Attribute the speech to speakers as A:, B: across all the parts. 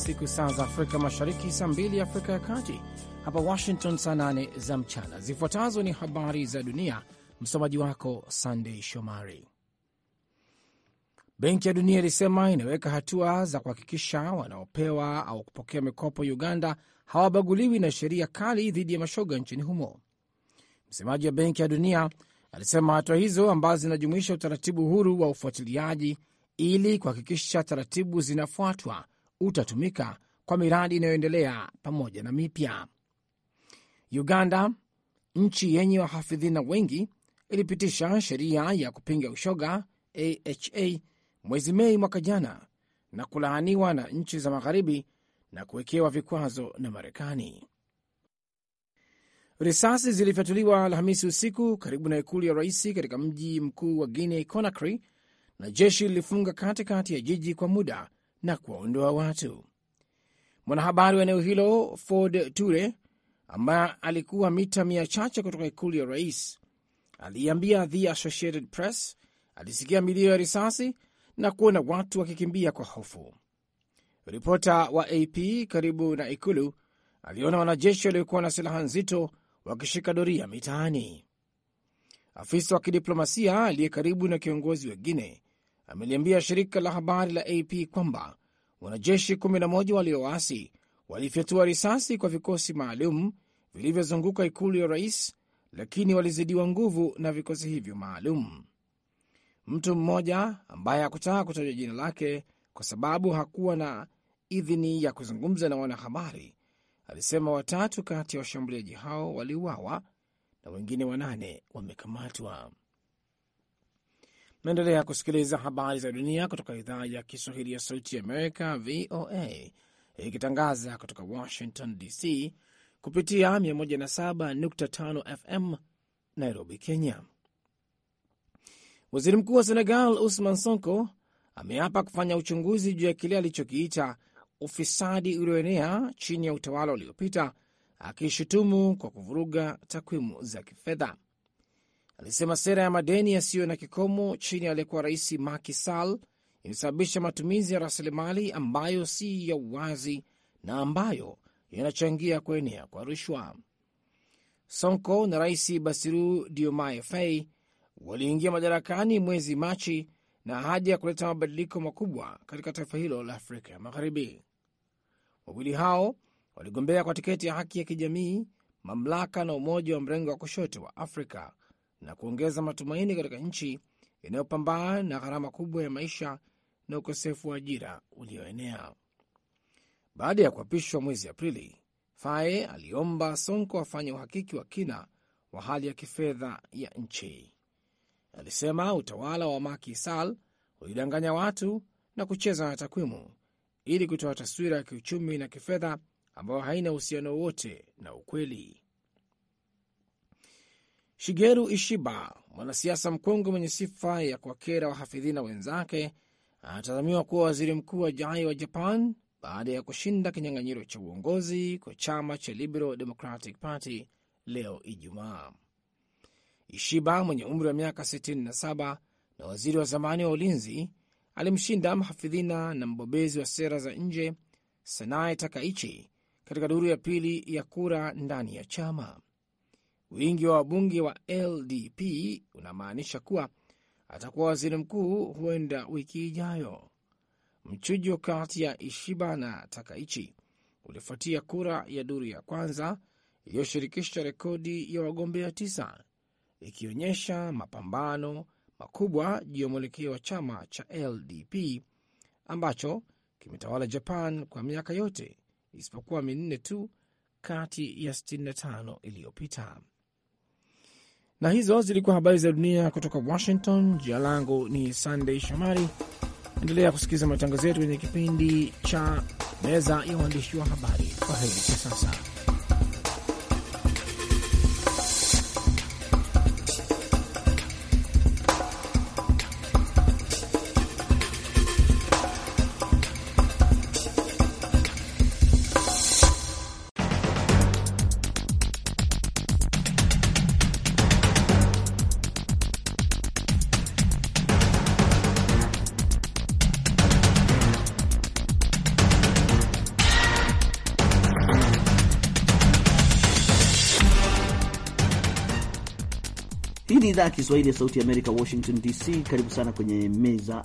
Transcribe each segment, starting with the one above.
A: usiku saa za Afrika Mashariki, saa mbili Afrika ya Kati, hapa Washington saa nane za mchana. Zifuatazo ni habari za dunia, msomaji wako Sandei Shomari. Benki ya Dunia ilisema inaweka hatua za kuhakikisha wanaopewa au kupokea mikopo Uganda hawabaguliwi na sheria kali dhidi ya mashoga nchini humo. Msemaji wa Benki ya Dunia alisema hatua hizo ambazo zinajumuisha utaratibu huru wa ufuatiliaji ili kuhakikisha taratibu zinafuatwa utatumika kwa miradi inayoendelea pamoja na mipya. Uganda, nchi yenye wahafidhina wengi, ilipitisha sheria ya kupinga ushoga aha mwezi Mei mwaka jana na kulaaniwa na nchi za magharibi na kuwekewa vikwazo na Marekani. Risasi zilifyatuliwa Alhamisi usiku karibu na ikulu ya rais katika mji mkuu wa Guinea, Conakry, na jeshi lilifunga katikati ya jiji kwa muda na kuwaondoa watu. Mwanahabari wa eneo hilo Ford Ture, ambaye alikuwa mita mia chache kutoka ikulu ya rais, aliambia The Associated Press alisikia milio ya risasi na kuona watu wakikimbia kwa hofu. Ripota wa AP karibu na ikulu aliona wanajeshi waliokuwa na silaha nzito wakishika doria mitaani. Afisa wa kidiplomasia aliye karibu na kiongozi wengine ameliambia shirika la habari la AP kwamba wanajeshi 11 walioasi walifyatua risasi kwa vikosi maalum vilivyozunguka ikulu ya rais, lakini walizidiwa nguvu na vikosi hivyo maalum. Mtu mmoja ambaye hakutaka kutaja jina lake kwa sababu hakuwa na idhini ya kuzungumza na wanahabari alisema watatu kati ya washambuliaji hao waliuawa na wengine wanane wamekamatwa. Naendelea kusikiliza habari za dunia kutoka idhaa ya Kiswahili ya Sauti ya Amerika, VOA, ikitangaza kutoka Washington DC kupitia 107.5 FM Nairobi, Kenya. Waziri Mkuu wa Senegal Usman Sonko ameapa kufanya uchunguzi juu ya kile alichokiita ufisadi ulioenea chini ya utawala uliopita, akishutumu kwa kuvuruga takwimu za kifedha alisema sera ya madeni yasiyo na kikomo chini ya aliyekuwa rais Macky Sall imesababisha matumizi ya rasilimali ambayo si ya uwazi na ambayo yanachangia kuenea kwa rushwa. Sonko na rais Basiru Diomaye Faye waliingia madarakani mwezi Machi na ahadi ya kuleta mabadiliko makubwa katika taifa hilo la Afrika ya Magharibi. Wawili hao waligombea kwa tiketi ya haki ya kijamii, mamlaka na umoja wa mrengo wa kushoto wa Afrika na kuongeza matumaini katika nchi inayopambana na gharama kubwa ya maisha na ukosefu wa ajira ulioenea. Baada ya kuapishwa mwezi Aprili, Faye aliomba Sonko afanye uhakiki wa kina wa hali ya kifedha ya nchi. Alisema utawala wa Macky Sall ulidanganya watu na kucheza na takwimu ili kutoa taswira ya kiuchumi na kifedha ambayo haina uhusiano wowote na ukweli. Shigeru Ishiba, mwanasiasa mkongwe mwenye sifa ya kuwakera wahafidhina wenzake, anatazamiwa kuwa waziri mkuu ajaye wa Japan baada ya kushinda kinyang'anyiro cha uongozi kwa chama cha Liberal Democratic Party leo Ijumaa. Ishiba mwenye umri wa miaka 67 na waziri wa zamani wa ulinzi alimshinda mhafidhina na mbobezi wa sera za nje Sanae Takaichi katika duru ya pili ya kura ndani ya chama. Wingi wa wabunge wa LDP unamaanisha kuwa atakuwa waziri mkuu huenda wiki ijayo. Mchujo kati ya Ishiba na Takaichi ulifuatia kura ya duru ya kwanza iliyoshirikisha rekodi ya wagombea tisa, ikionyesha mapambano makubwa juu ya mwelekeo wa chama cha LDP ambacho kimetawala Japan kwa miaka yote isipokuwa minne tu kati ya 65 iliyopita. Na hizo zilikuwa habari za dunia kutoka Washington. Jina langu ni Sandey Shomari. Endelea kusikiliza matangazo yetu kwenye kipindi cha meza ya waandishi wa habari. Kwa heri kwa sasa.
B: idhaa ya Kiswahili ya Sauti ya Amerika, Washington DC. Karibu sana kwenye meza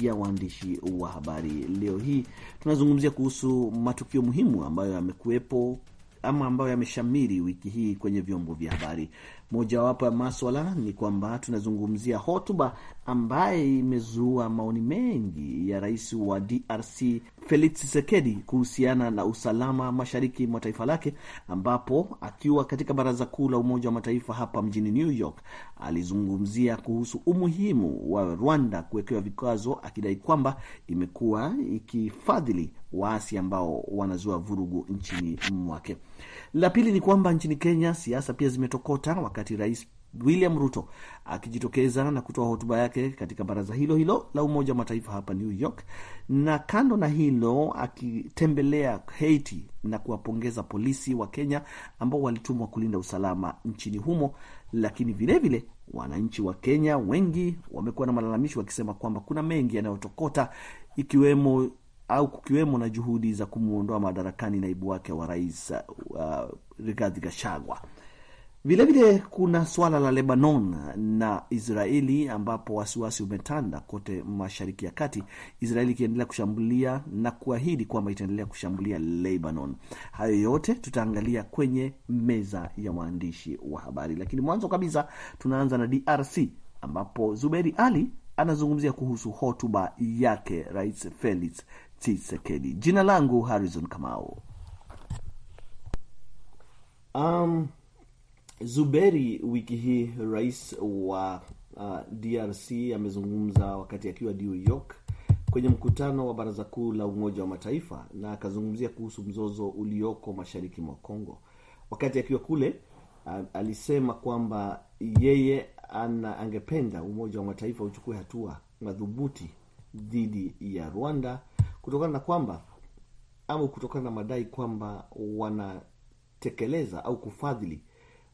B: ya waandishi wa habari. Leo hii tunazungumzia kuhusu matukio muhimu ambayo yamekuwepo ama ambayo yameshamiri wiki hii kwenye vyombo vya habari. Mojawapo ya maswala ni kwamba tunazungumzia hotuba ambaye imezua maoni mengi ya rais wa DRC Felix Tshisekedi kuhusiana na usalama mashariki mwa taifa lake, ambapo akiwa katika baraza kuu la Umoja wa Mataifa hapa mjini New York alizungumzia kuhusu umuhimu wa Rwanda kuwekewa vikwazo, akidai kwamba imekuwa ikifadhili waasi ambao wanazua vurugu nchini mwake. La pili ni kwamba nchini Kenya siasa pia zimetokota wakati rais William Ruto akijitokeza na kutoa hotuba yake katika baraza hilo hilo la Umoja wa Mataifa hapa New York, na kando na hilo akitembelea Haiti na kuwapongeza polisi wa Kenya ambao walitumwa kulinda usalama nchini humo. Lakini vilevile wananchi wa Kenya wengi wamekuwa na malalamishi wakisema kwamba kuna mengi yanayotokota ikiwemo au kukiwemo na juhudi za kumwondoa madarakani naibu wake wa rais uh, Rigathi Gachagua. Vilevile kuna suala la Lebanon na Israeli ambapo wasiwasi umetanda kote Mashariki ya Kati, Israeli ikiendelea kushambulia na kuahidi kwamba itaendelea kushambulia Lebanon. Hayo yote tutaangalia kwenye meza ya waandishi wa habari, lakini mwanzo kabisa tunaanza na DRC ambapo Zuberi Ali anazungumzia kuhusu hotuba yake Rais Felix Tshisekedi. Jina langu Harrison Kamau. um... Zuberi wiki hii rais wa uh, DRC amezungumza wakati akiwa New York kwenye mkutano wa Baraza Kuu la Umoja wa Mataifa na akazungumzia kuhusu mzozo ulioko mashariki mwa Kongo. Wakati akiwa kule uh, alisema kwamba yeye ana, angependa Umoja wa Mataifa uchukue hatua madhubuti dhidi ya Rwanda kutokana na kwamba au kutokana na madai kwamba wanatekeleza au kufadhili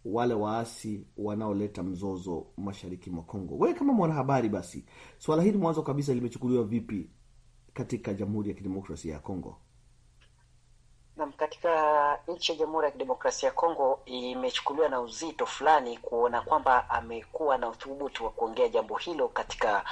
B: wale waasi wanaoleta mzozo mashariki mwa Kongo. Wewe kama mwanahabari, basi swala hili mwanzo kabisa limechukuliwa vipi katika Jamhuri ya Kidemokrasia ya Kongo?
C: Nam, katika nchi ya Jamhuri ya Kidemokrasia ya Kongo imechukuliwa na uzito fulani, kuona kwamba amekuwa na uthubutu wa kuongea jambo hilo katika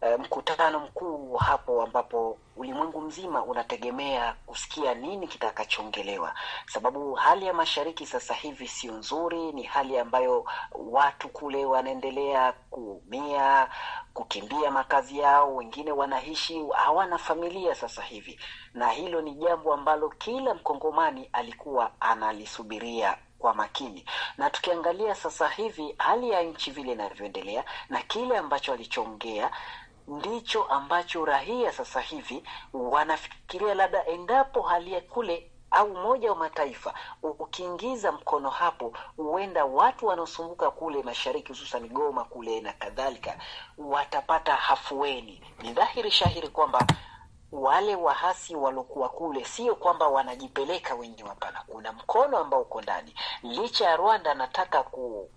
C: e, mkutano mkuu hapo ambapo ulimwengu mzima unategemea kusikia nini kitakachoongelewa, sababu hali ya mashariki sasa hivi sio nzuri. Ni hali ambayo watu kule wanaendelea kuumia, kukimbia makazi yao, wengine wanaishi hawana familia sasa hivi, na hilo ni jambo ambalo kila mkongomani alikuwa analisubiria kwa makini. Na tukiangalia sasa hivi hali ya nchi vile inavyoendelea na kile ambacho alichoongea ndicho ambacho rahia sasa hivi wanafikiria, labda endapo hali ya kule au Umoja wa Mataifa ukiingiza mkono hapo, huenda watu wanaosumbuka kule mashariki, hususan Goma kule na kadhalika, watapata hafueni. Ni dhahiri shahiri kwamba wale wahasi waliokuwa kule sio kwamba wanajipeleka wenyewe, hapana. Kuna mkono ambao uko ndani. Licha ya Rwanda anataka ku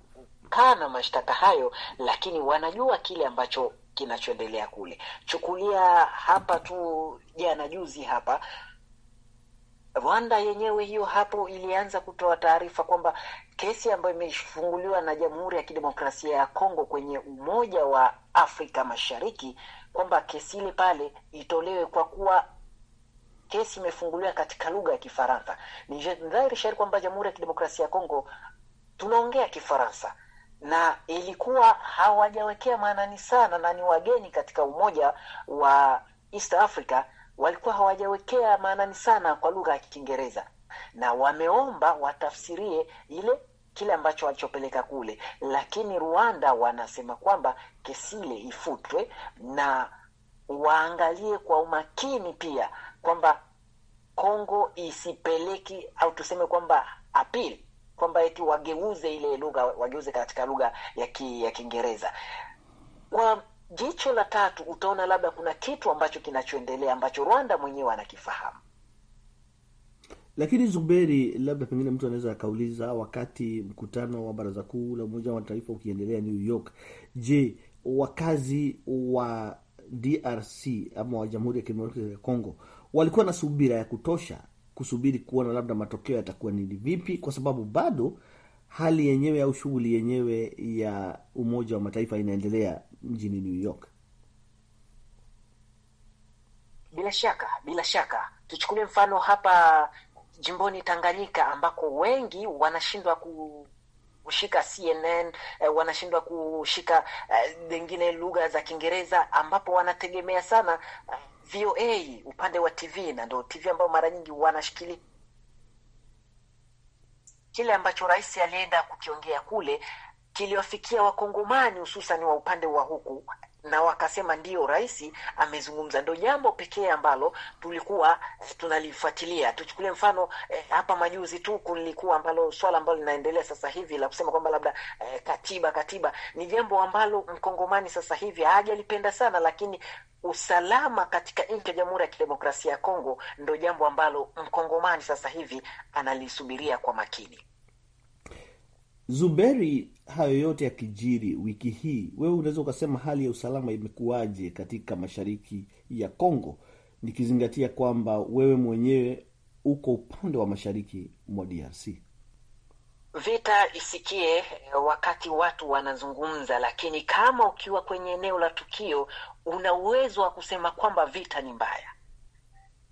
C: kana mashtaka hayo, lakini wanajua kile ambacho kinachoendelea kule. Chukulia hapa tu jana juzi hapa Rwanda yenyewe hiyo hapo ilianza kutoa taarifa kwamba kesi ambayo imefunguliwa na Jamhuri ya Kidemokrasia ya Kongo kwenye Umoja wa Afrika Mashariki kwamba kesi ile pale itolewe kwa kuwa kesi imefunguliwa katika lugha ya Kifaransa. Ni dhahiri shahiri kwamba Jamhuri ya Kidemokrasia ya Kongo tunaongea Kifaransa na ilikuwa hawajawekea maanani sana, na ni wageni katika umoja wa East Africa walikuwa hawajawekea maanani sana kwa lugha ya Kiingereza, na wameomba watafsirie ile kile ambacho walichopeleka kule, lakini Rwanda wanasema kwamba kesi ile ifutwe na waangalie kwa umakini pia kwamba Kongo isipeleki au tuseme kwamba apili kwamba eti wageuze ile lugha, wageuze katika lugha ya ki, ya Kiingereza. Kwa jicho la tatu utaona labda kuna kitu ambacho kinachoendelea ambacho Rwanda mwenyewe anakifahamu.
B: Lakini Zuberi, labda pengine mtu anaweza akauliza, wakati mkutano wa baraza kuu la Umoja wa taifa ukiendelea New York, je, wakazi wa DRC ama wa Jamhuri ya Kidemokrasia ya Kongo walikuwa na subira ya kutosha kusubiri kuona labda matokeo yatakuwa ni vipi, kwa sababu bado hali yenyewe au shughuli yenyewe ya Umoja wa Mataifa inaendelea mjini New York.
C: Bila shaka, bila shaka, tuchukulie mfano hapa jimboni Tanganyika ambako wengi wanashindwa ku kushika CNN eh, wanashindwa kushika eh, lugha za Kiingereza ambapo wanategemea sana eh, VOA upande wa TV na ndio TV ambayo mara nyingi wanashikili kile ambacho rais alienda kukiongea kule kiliwafikia Wakongomani hususan wa upande wa huku na wakasema ndiyo, rais amezungumza. Ndo jambo pekee ambalo tulikuwa tunalifuatilia. Tuchukulie mfano eh, hapa majuzi tu kulikuwa ambalo swala ambalo linaendelea sasa hivi la kusema kwamba labda eh, katiba katiba ni jambo ambalo mkongomani sasa hivi hajalipenda sana, lakini usalama katika nchi ya Jamhuri ya Kidemokrasia ya Kongo ndo jambo ambalo mkongomani sasa hivi analisubiria kwa makini.
B: Zuberi, hayo yote yakijiri wiki hii, wewe unaweza ukasema hali ya usalama imekuwaje katika mashariki ya Kongo, nikizingatia kwamba wewe mwenyewe uko upande wa mashariki mwa DRC?
C: Vita isikie eh, wakati watu wanazungumza, lakini kama ukiwa kwenye eneo la tukio, una uwezo wa kusema kwamba vita ni mbaya,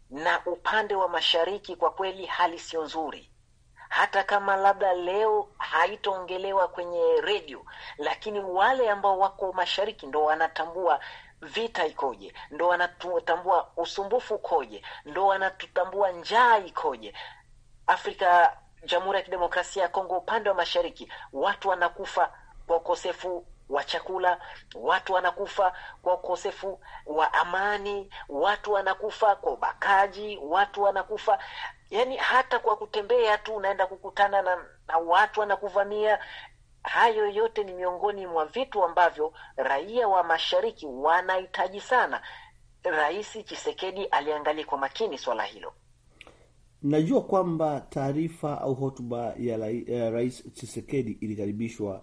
C: na upande wa mashariki kwa kweli hali sio nzuri hata kama labda leo haitaongelewa kwenye redio, lakini wale ambao wako mashariki ndo wanatambua vita ikoje, ndo wanatambua usumbufu ukoje, ndo wanatutambua njaa ikoje. Afrika, Jamhuri ya Kidemokrasia ya Kongo, upande wa mashariki watu wanakufa kwa ukosefu wa chakula, watu wanakufa kwa ukosefu wa amani, watu wanakufa kwa ubakaji, watu wanakufa yani hata kwa kutembea tu unaenda kukutana na, na watu wanakuvamia. Hayo yote ni miongoni mwa vitu ambavyo raia wa mashariki wanahitaji sana. Rais Chisekedi aliangalia kwa makini swala hilo.
B: Najua kwamba taarifa au hotuba ya Rais Chisekedi ilikaribishwa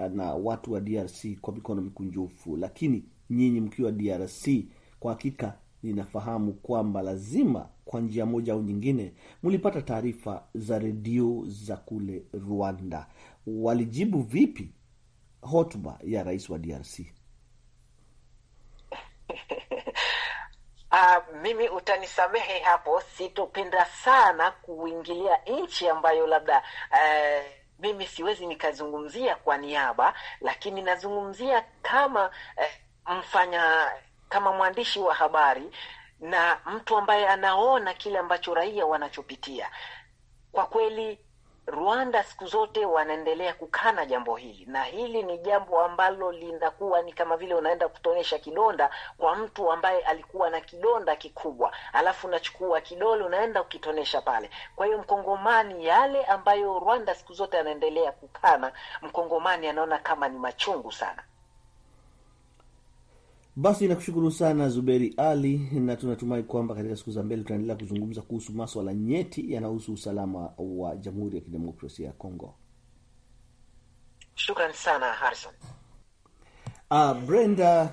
B: Eh, na watu wa DRC kwa mikono mikunjufu, lakini nyinyi mkiwa DRC kwa hakika ninafahamu kwamba lazima kwa njia moja au nyingine mlipata taarifa za redio za kule Rwanda. Walijibu vipi hotuba ya rais wa DRC? Uh,
C: ah, mimi utanisamehe hapo, sitopenda sana kuingilia nchi ambayo labda uh mimi siwezi nikazungumzia kwa niaba, lakini nazungumzia kama eh, mfanya kama mwandishi wa habari na mtu ambaye anaona kile ambacho raia wanachopitia. Kwa kweli Rwanda siku zote wanaendelea kukana jambo hili, na hili ni jambo ambalo linakuwa ni kama vile unaenda kutonesha kidonda kwa mtu ambaye alikuwa na kidonda kikubwa, alafu unachukua kidole unaenda ukitonesha pale. Kwa hiyo Mkongomani, yale ambayo Rwanda siku zote anaendelea kukana, Mkongomani anaona kama ni machungu sana.
B: Basi nakushukuru sana Zuberi Ali, na tunatumai kwamba katika siku za mbele tutaendelea kuzungumza kuhusu maswala nyeti yanayohusu usalama wa Jamhuri ya Kidemokrasia ya Kongo.
C: Shukran sana Harrison.
B: Uh, Brenda,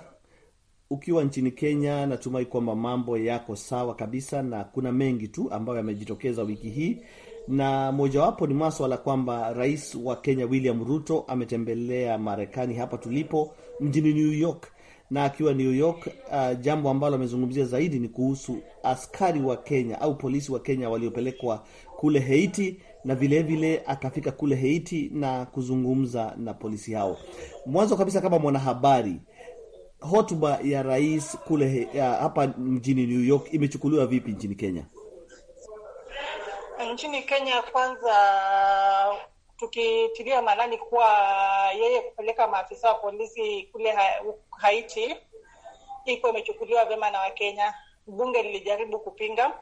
B: ukiwa nchini Kenya, natumai kwamba mambo yako sawa kabisa, na kuna mengi tu ambayo yamejitokeza wiki hii na mojawapo ni maswala kwamba rais wa Kenya William Ruto ametembelea Marekani hapa tulipo mjini New York na akiwa New York. Uh, jambo ambalo amezungumzia zaidi ni kuhusu askari wa Kenya au polisi wa Kenya waliopelekwa kule Haiti na vilevile vile akafika kule Haiti na kuzungumza na polisi hao. Mwanzo kabisa, kama mwanahabari, hotuba ya rais kule ya, uh, hapa mjini New York imechukuliwa vipi nchini Kenya?
D: Nchini Kenya kwanza tukitilia maanani kuwa yeye kupeleka maafisa wa polisi kule Haiti ilikuwa imechukuliwa vyema na Wakenya. Bunge lilijaribu kupinga,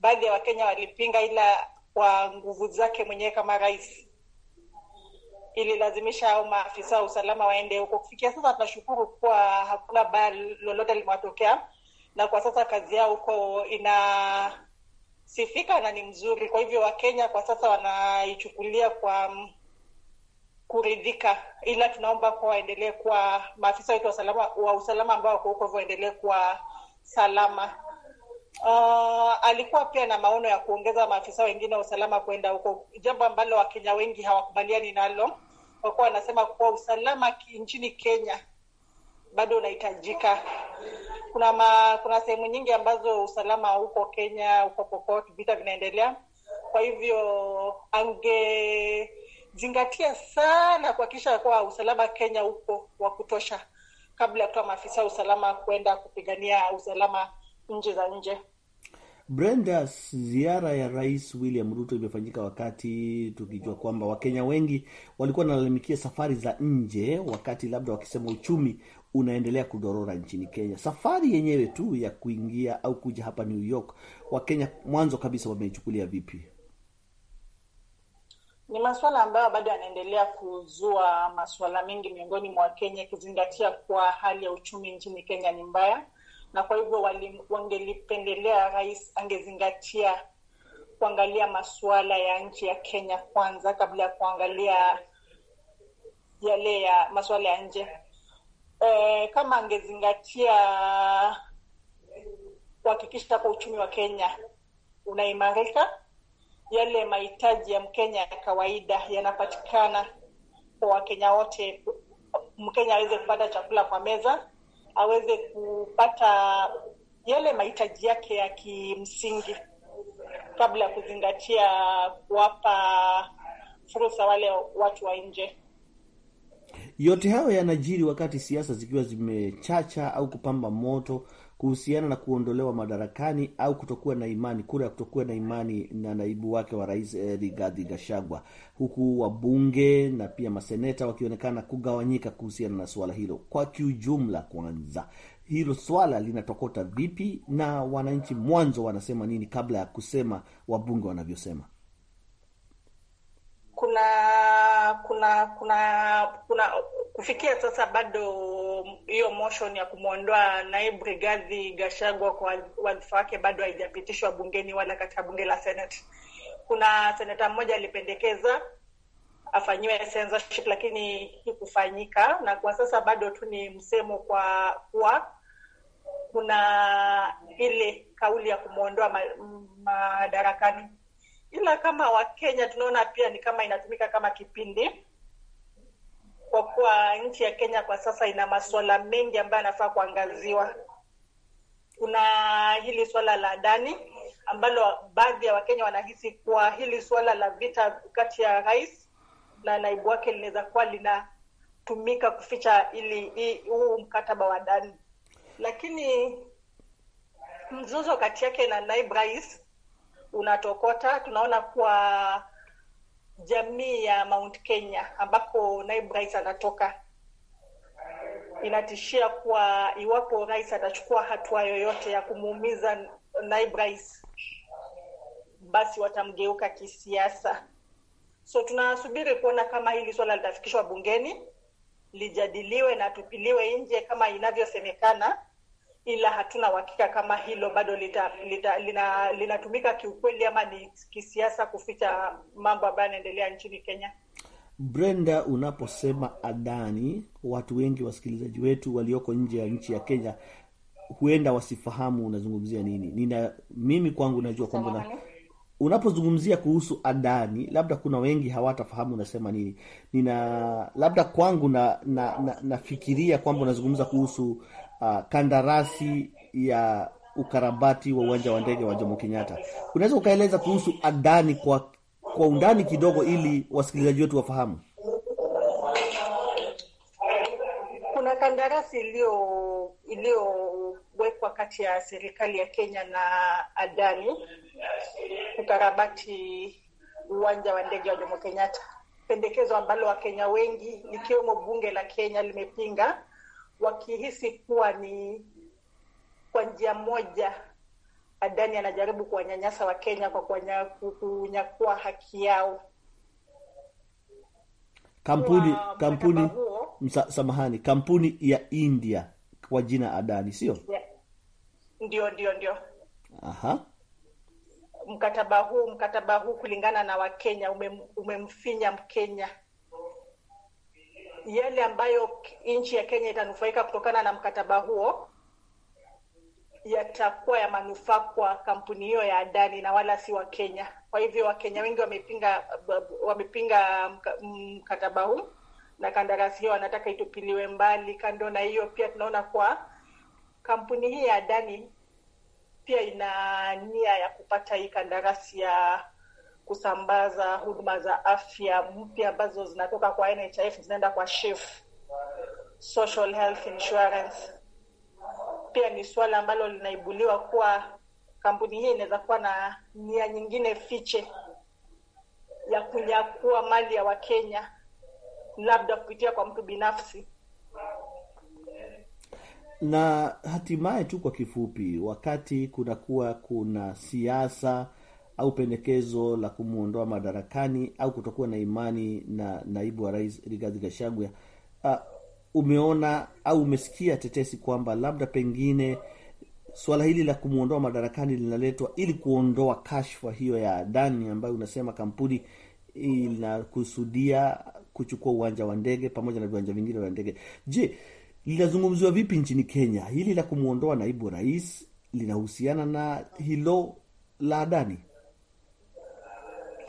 D: baadhi ya Wakenya walipinga, ila kwa nguvu zake mwenyewe kama rais ililazimisha au maafisa wa usalama waende huko. Kufikia sasa tunashukuru kuwa hakuna baya lolote limewatokea, na kwa sasa kazi yao huko ina sifika na ni mzuri. Kwa hivyo Wakenya kwa sasa wanaichukulia kwa kuridhika, ila tunaomba kwa waendelee kuwa maafisa wetu wa usalama, wa usalama ambao wako huko waendelee kuwa salama. Uh, alikuwa pia na maono ya kuongeza maafisa wengine wa usalama kwenda huko, jambo ambalo Wakenya wengi hawakubaliani nalo. Wakuwa wanasema kuwa usalama nchini Kenya bado unahitajika. Kuna ma, kuna sehemu nyingi ambazo usalama uko Kenya, huko kokote, vita vinaendelea. Kwa hivyo angezingatia sana kuhakikisha kuwa usalama Kenya uko wa kutosha kabla ya kutoa maafisa usalama kwenda kupigania usalama nje za nje.
B: Brenda, ziara ya Rais William Ruto imefanyika wakati tukijua kwamba Wakenya wengi walikuwa wanalalamikia safari za nje, wakati labda wakisema uchumi unaendelea kudorora nchini Kenya. Safari yenyewe tu ya kuingia au kuja hapa New York, Wakenya mwanzo kabisa wameichukulia vipi?
D: Ni masuala ambayo bado yanaendelea kuzua maswala mengi miongoni mwa Wakenya, ikizingatia kuwa hali ya uchumi nchini Kenya ni mbaya, na kwa hivyo wangelipendelea rais angezingatia kuangalia masuala ya nchi ya Kenya kwanza kabla ya kuangalia yale ya masuala ya nje eh, kama angezingatia eh, kuhakikisha kwa uchumi wa Kenya unaimarika, yale mahitaji ya Mkenya ya kawaida yanapatikana kwa Wakenya wote, Mkenya aweze kupata chakula kwa meza, aweze kupata yale mahitaji yake ya kimsingi kabla ya kuzingatia kuwapa fursa wale watu wa nje.
B: Yote hayo yanajiri wakati siasa zikiwa zimechacha au kupamba moto kuhusiana na kuondolewa madarakani au kutokuwa na imani, kura ya kutokuwa na imani na naibu wake wa rais eh, Rigathi Gachagua, huku wabunge na pia maseneta wakionekana kugawanyika kuhusiana na suala hilo. Kwa kiujumla, kwanza hilo swala linatokota vipi na wananchi mwanzo wanasema nini kabla ya kusema wabunge wanavyosema?
D: Kuna kuna kuna kuna kufikia sasa bado hiyo motion ya kumwondoa naibu Rigathi Gachagua kwa wadhifa wake bado haijapitishwa bungeni wala katika bunge la Senate. Kuna seneta mmoja alipendekeza afanyiwe censorship lakini hikufanyika, na kwa sasa bado tu ni msemo, kwa kuwa kuna ile kauli ya kumwondoa madarakani ma ila kama Wakenya tunaona pia ni kama inatumika kama kipindi, kwa kuwa nchi ya Kenya kwa sasa ina masuala mengi ambayo yanafaa kuangaziwa. Kuna hili swala la ndani ambalo baadhi ya Wakenya wanahisi kuwa hili swala la vita kati ya rais na naibu wake linaweza kuwa linatumika kuficha ili huu mkataba wa ndani, lakini mzozo kati yake na naibu rais unatokota. Tunaona kwa jamii ya Mount Kenya ambako naibu rais anatoka, inatishia kuwa iwapo rais atachukua hatua yoyote ya kumuumiza naibu rais, basi watamgeuka kisiasa. So tunasubiri kuona kama hili swala litafikishwa bungeni lijadiliwe na tupiliwe nje kama inavyosemekana ila hatuna uhakika kama hilo bado linatumika lita, lina, linatumika kiukweli ama ni kisiasa kuficha mambo ambayo yanaendelea nchini Kenya.
B: Brenda, unaposema adhani, watu wengi wasikilizaji wetu walioko nje ya nchi ya Kenya huenda wasifahamu unazungumzia nini. Nina mimi kwangu najua kwamba unapozungumzia kuhusu adhani, labda kuna wengi hawatafahamu unasema nini. Nina labda kwangu na nafikiria na, na kwamba unazungumza kuhusu uh, kandarasi ya ukarabati wa uwanja wa ndege wa Jomo Kenyatta. Unaweza ukaeleza kuhusu Adani kwa, kwa undani kidogo ili wasikilizaji wetu wafahamu?
D: Kuna kandarasi iliyo iliyowekwa kati ya serikali ya Kenya na Adani ukarabati uwanja wa ndege wa Jomo Kenyatta, pendekezo ambalo Wakenya wengi likiwemo bunge la Kenya limepinga wakihisi kuwa ni kwa njia moja Adani anajaribu kuwanyanyasa Wakenya kwa kunyakua haki yao. Kampuni kwa kampuni
B: msa, samahani, kampuni ya India kwa jina Adani, sio
D: ndio? Ndio, ndio. Aha. Mkataba huu mkataba huu kulingana na Wakenya umem, umemfinya Mkenya yale ambayo nchi ya Kenya itanufaika kutokana na mkataba huo yatakuwa ya manufaa kwa kampuni hiyo ya Adani na wala si wa kenya Kwa hivyo Wakenya wengi wamepinga wamepinga mkataba huu na kandarasi hiyo wanataka itupiliwe mbali. Kando na hiyo, pia tunaona kwa kampuni hii ya Adani pia ina nia ya kupata hii kandarasi ya kusambaza huduma za afya mpya ambazo zinatoka kwa NHIF zinaenda kwa SHIF, social health insurance. Pia ni suala ambalo linaibuliwa kuwa kampuni hii inaweza kuwa na nia nyingine fiche ya kunyakua mali ya Wakenya, labda kupitia kwa mtu binafsi.
B: Na hatimaye tu kwa kifupi, wakati kunakuwa kuna siasa au pendekezo la kumwondoa madarakani au kutokuwa na imani na naibu wa rais Rigathi Gachagua, uh, umeona au umesikia tetesi kwamba labda pengine suala hili la kumwondoa madarakani linaletwa ili kuondoa kashfa hiyo ya Adani ambayo unasema kampuni inakusudia kuchukua uwanja wa ndege pamoja na viwanja vingine vya ndege. Je, linazungumziwa vipi nchini Kenya? Hili la kumwondoa naibu rais linahusiana na hilo la Adani?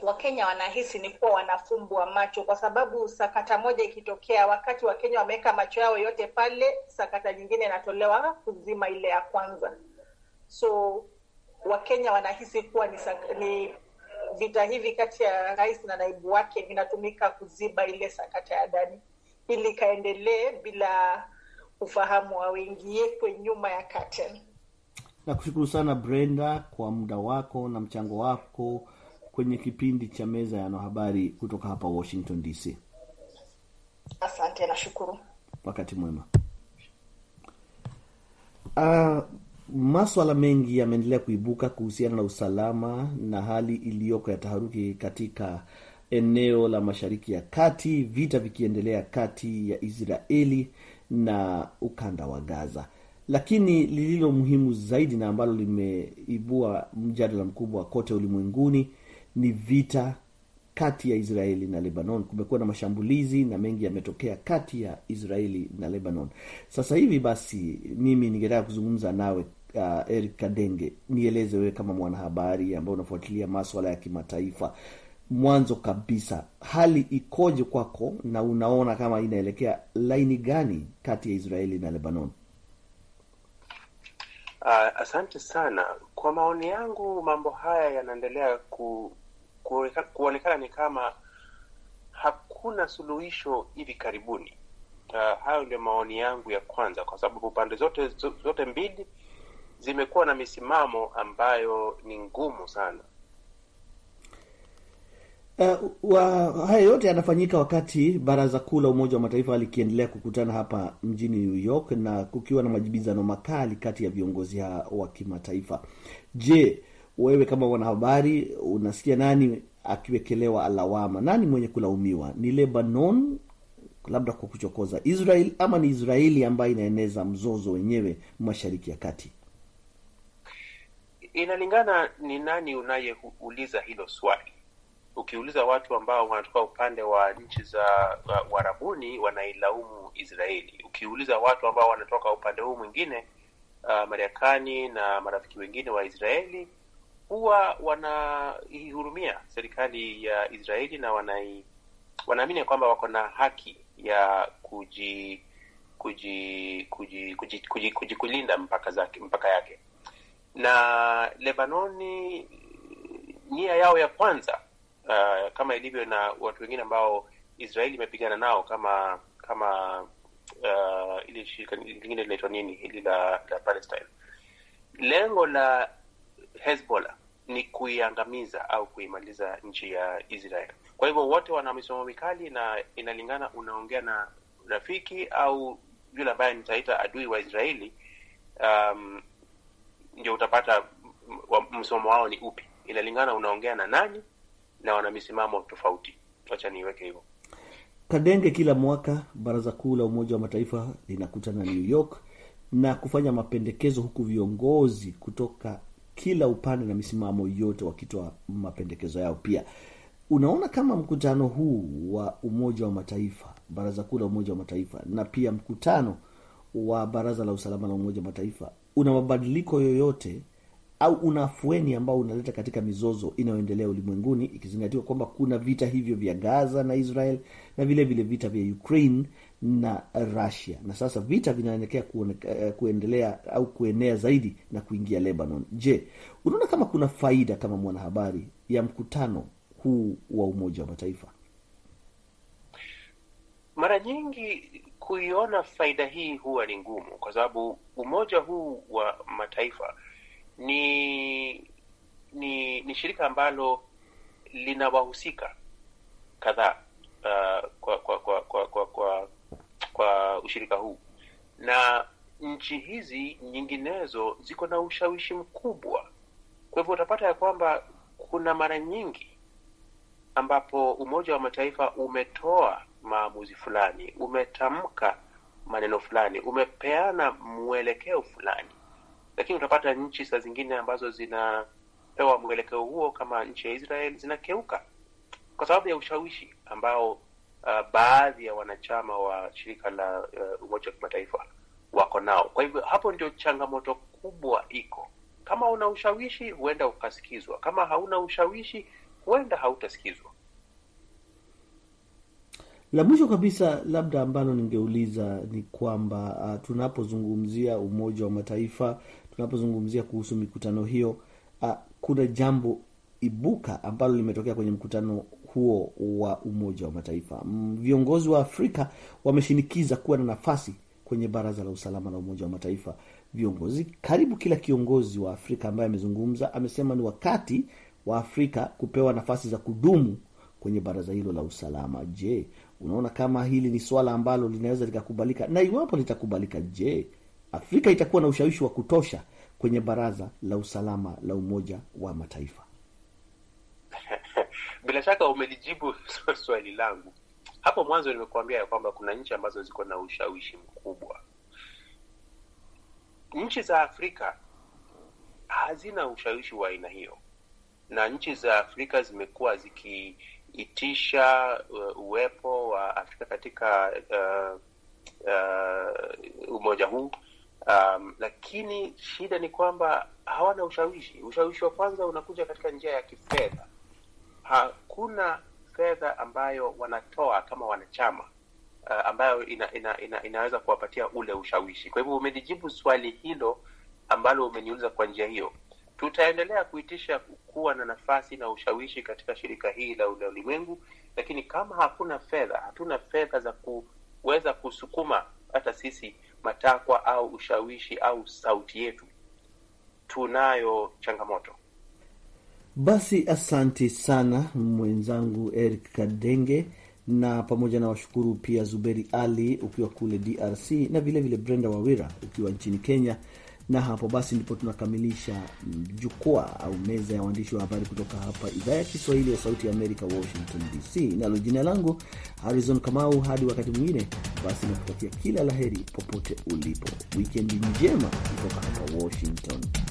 D: Wakenya wanahisi ni kuwa wanafumbwa macho, kwa sababu sakata moja ikitokea, wakati Wakenya wameweka macho yao yote pale, sakata nyingine inatolewa kuzima ile ya kwanza. So Wakenya wanahisi kuwa ni, ni vita hivi kati ya rais na naibu wake vinatumika kuziba ile sakata ya dani ili kaendelee bila ufahamu wa wengiekwe nyuma ya curtain.
B: Nakushukuru sana Brenda kwa muda wako na mchango wako kwenye kipindi cha meza ya wanahabari kutoka hapa Washington DC.
C: Asante, nashukuru.
B: Wakati mwema. Uh, maswala mengi yameendelea kuibuka kuhusiana na usalama na hali iliyoko ya taharuki katika eneo la Mashariki ya Kati, vita vikiendelea kati ya Israeli na ukanda wa Gaza. Lakini lililo muhimu zaidi na ambalo limeibua mjadala mkubwa kote ulimwenguni ni vita kati ya Israeli na Lebanon. Kumekuwa na mashambulizi na mengi yametokea kati ya Israeli na Lebanon. Sasa hivi basi, mimi ningetaka kuzungumza nawe uh, Eric Kadenge, nieleze wewe kama mwanahabari ambayo unafuatilia maswala ya kimataifa, mwanzo kabisa, hali ikoje kwako na unaona kama inaelekea laini gani kati ya Israeli na Lebanon?
E: Uh, asante sana. Kwa maoni yangu, mambo haya yanaendelea ku kuonekana ni kama hakuna suluhisho hivi karibuni. Uh, hayo ndio maoni yangu ya kwanza, kwa sababu pande zote zote mbili zimekuwa na misimamo ambayo ni ngumu sana.
B: Uh, haya yote yanafanyika wakati Baraza Kuu la Umoja wa Mataifa likiendelea kukutana hapa mjini New York na kukiwa na majibizano makali kati ya viongozi hao wa kimataifa. Je, wewe kama wanahabari unasikia nani akiwekelewa alawama Nani mwenye kulaumiwa? Ni Lebanon labda kwa kuchokoza Israel, ama ni Israeli ambayo inaeneza mzozo wenyewe mashariki ya kati?
E: Inalingana ni nani unayeuliza hilo swali. Ukiuliza watu ambao wanatoka upande wa nchi za warabuni wanailaumu Israeli. Ukiuliza watu ambao wanatoka upande huu mwingine, uh, Marekani na marafiki wengine wa Israeli huwa wanaihurumia serikali ya Israeli na wanai, wanaamini kwamba wako na haki ya kuji kuji kuji kuji kuji kuji kulinda mpaka zake mpaka yake na Lebanoni. Nia yao ya kwanza uh, kama ilivyo na watu wengine ambao Israeli imepigana nao kama kama uh, ile shirika lingine linaitwa nini hili la, la Palestine, lengo la Hezbollah ni kuiangamiza au kuimaliza nchi ya Israel. Kwa hivyo wote wana misimamo mikali, na inalingana unaongea na rafiki au yule ambaye nitaita adui wa Israeli, um, ndio utapata msomo wao ni upi. Inalingana unaongea na nani, na wana misimamo tofauti. Wacha niiweke hivyo.
B: Kadenge, kila mwaka Baraza Kuu la Umoja wa Mataifa linakutana New York na kufanya mapendekezo, huku viongozi kutoka kila upande na misimamo yote, wakitoa mapendekezo yao. Pia unaona kama mkutano huu wa Umoja wa Mataifa, Baraza Kuu la Umoja wa Mataifa na pia mkutano wa Baraza la Usalama la Umoja wa Mataifa una mabadiliko yoyote au una afueni ambao unaleta katika mizozo inayoendelea ulimwenguni, ikizingatiwa kwamba kuna vita hivyo vya Gaza na Israel na vilevile vile vita vya Ukraine na Russia, na sasa vita vinaelekea eh, kuendelea au kuenea zaidi na kuingia Lebanon. Je, unaona kama kuna faida kama mwanahabari ya mkutano huu wa Umoja wa Mataifa?
E: Mara nyingi kuiona faida hii huwa ni ngumu, kwa sababu umoja huu wa mataifa ni ni, ni shirika ambalo lina wahusika kadhaa uh, kwa, kwa, kwa, kwa, kwa, kwa kwa ushirika huu, na nchi hizi nyinginezo ziko na ushawishi mkubwa. Kwa hivyo utapata ya kwamba kuna mara nyingi ambapo Umoja wa Mataifa umetoa maamuzi fulani, umetamka maneno fulani, umepeana mwelekeo fulani, lakini utapata nchi saa zingine ambazo zinapewa mwelekeo huo kama nchi ya Israel zinakeuka kwa sababu ya ushawishi ambao uh, baadhi ya wanachama wa shirika la uh, Umoja wa Kimataifa wako nao. Kwa hivyo hapo ndio changamoto kubwa iko. Kama una ushawishi, huenda ukasikizwa. Kama hauna ushawishi, huenda hautasikizwa.
B: La mwisho kabisa labda ambalo ningeuliza ni kwamba uh, tunapozungumzia Umoja wa Mataifa, tunapozungumzia kuhusu mikutano hiyo uh, kuna jambo ibuka ambalo limetokea kwenye mkutano mkuu wa Umoja wa Mataifa. Viongozi wa Afrika wameshinikiza kuwa na nafasi kwenye Baraza la Usalama la Umoja wa Mataifa. Viongozi, karibu kila kiongozi wa Afrika ambaye amezungumza amesema ni wakati wa Afrika kupewa nafasi za kudumu kwenye baraza hilo la usalama. Je, unaona kama hili ni swala ambalo linaweza likakubalika? Na iwapo litakubalika, je, Afrika itakuwa na ushawishi wa kutosha kwenye baraza la usalama la Umoja wa Mataifa?
E: Bila shaka umelijibu swali langu hapo mwanzo. Nimekuambia ya kwamba kuna nchi ambazo ziko na ushawishi mkubwa. Nchi za Afrika hazina ushawishi wa aina hiyo, na nchi za Afrika zimekuwa zikiitisha uh, uwepo wa Afrika katika uh, uh, umoja huu um, lakini shida ni kwamba hawana ushawishi. Ushawishi wa kwanza unakuja katika njia ya kifedha hakuna fedha ambayo wanatoa kama wanachama uh, ambayo ina, ina, ina, inaweza kuwapatia ule ushawishi. Kwa hivyo umelijibu swali hilo ambalo umeniuliza kwa njia hiyo. Tutaendelea kuitisha kuwa na nafasi na ushawishi katika shirika hili la ulimwengu, lakini kama hakuna fedha, hatuna fedha za kuweza kusukuma hata sisi matakwa au ushawishi au sauti yetu, tunayo changamoto.
B: Basi asanti sana mwenzangu Eric Kadenge, na pamoja na washukuru pia Zuberi Ali ukiwa kule DRC na vilevile vile Brenda Wawira ukiwa nchini Kenya. Na hapo basi ndipo tunakamilisha jukwaa au meza ya waandishi wa habari kutoka hapa idhaa ya Kiswahili ya Sauti ya Amerika, Washington DC. Nalo jina langu Harizon Kamau, hadi wakati mwingine, basi nakutakia kila laheri popote ulipo. Wikendi njema kutoka hapa Washington.